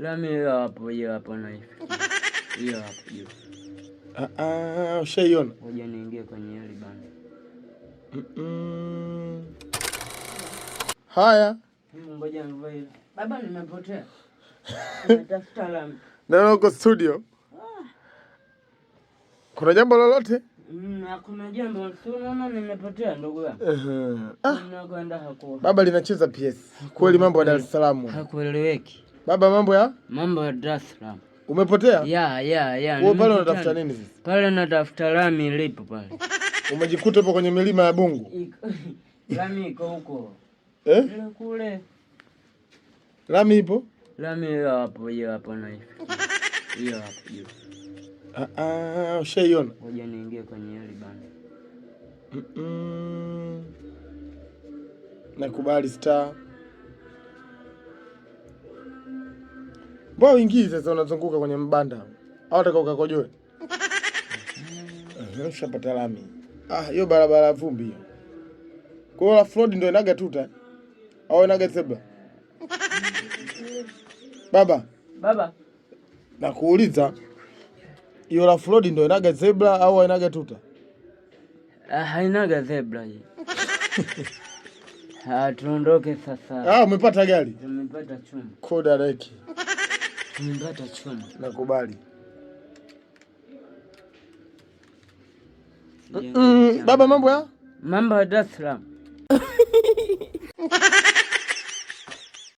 Lami hiyo hapo, hiyo hapo na hivi. Hiyo hapo juu. Ah ah, ushaiona? Ngoja niingie kwenye hili bana. Mm Haya. Ngoja nivae hilo. Baba nimepotea. Natafuta lami. Na uko studio? Ah. Kuna jambo lolote? Mm, hakuna jambo. Tunaona nimepotea ndugu yangu. Ah. Baba linacheza PS. Kweli mambo ya Dar es Salaam. Hakueleweki. Baba, mambo ya mambo ya Dar es Salaam. Umepotea? Ya, ya, ya. Wewe pale unatafuta nini sasa? Pale natafuta lami ilipo pale. Umejikuta hapo kwenye milima ya Bungu. Lami iko huko. Eh? Kule. Lami ipo? Lami hiyo hapo, hiyo hapo na hiyo. Hiyo hapo. Ah ah, ushaiona? Ngoja niingie kwenye hili bana. Mm -mm. Nakubali star. Mbona uingii sasa unazunguka kwenye mbanda? Au taka ukakojoe? Eh, ushapata lami. Ah, hiyo barabara ya vumbi hiyo. Kwa hiyo la ndio inaga tuta. Au inaga zebra? Baba. Baba. Nakuuliza hiyo la Ford ndio inaga zebra au inaga tuta? Ah, hainaga zebra hii. Ha, ah, tuondoke sasa. Ah, umepata gari? Umepata chuma. Koda leki. Nakubali. Mm, baba, mambo ya mambo ya Dar es Salaam